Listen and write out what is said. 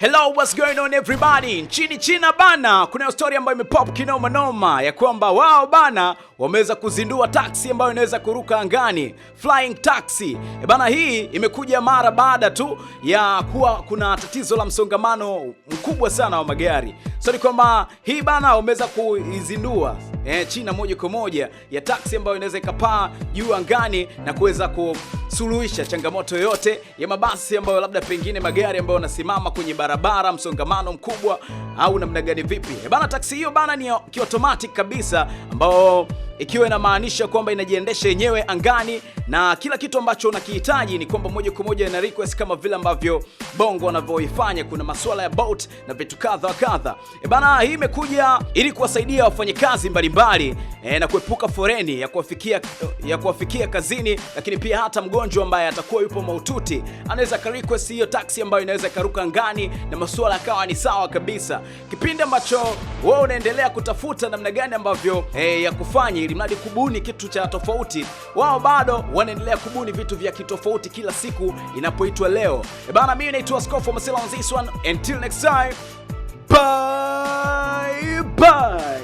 Hello, what's going on everybody? Nchini China bana, kuna story ambayo imepop kinoma noma ya kwamba wao bana wameweza kuzindua taksi ambayo inaweza kuruka angani, flying taxi. E bana, hii imekuja mara baada tu ya kuwa kuna tatizo la msongamano mkubwa sana wa magari. So ni kwamba hii bana wameweza kuizindua e, China moja kwa moja ya taksi ambayo inaweza ikapaa juu angani na kuweza ku kusuluhisha changamoto yote ya mabasi ambayo labda pengine magari ambayo yanasimama kwenye barabara, msongamano mkubwa au namna gani, vipi? E bana, taksi hiyo bana ni kiotomatic kabisa, ambao ikiwa inamaanisha kwamba inajiendesha yenyewe angani na kila kitu ambacho unakihitaji ni kwamba moja kwa moja ina request kama vile ambavyo bongo wanavyoifanya. Kuna masuala ya boat na vitu kadha wa kadha. E bana, hii imekuja ili kuwasaidia wafanyakazi mbalimbali e, na kuepuka foreni ya kuwafikia ya kuwafikia kazini, lakini pia hata mgonjwa mgonjwa ambaye atakuwa yupo maututi anaweza ka request hiyo taksi ambayo inaweza ikaruka ngani na masuala akawa ni sawa kabisa, kipindi ambacho wewe unaendelea kutafuta namna gani ambavyo hey, eh, ya kufanya ili mradi kubuni kitu cha tofauti. Wao bado wanaendelea kubuni vitu vya kitofauti kila siku inapoitwa leo. E bana, mimi naitwa Skofu this one. Until next time, bye bye.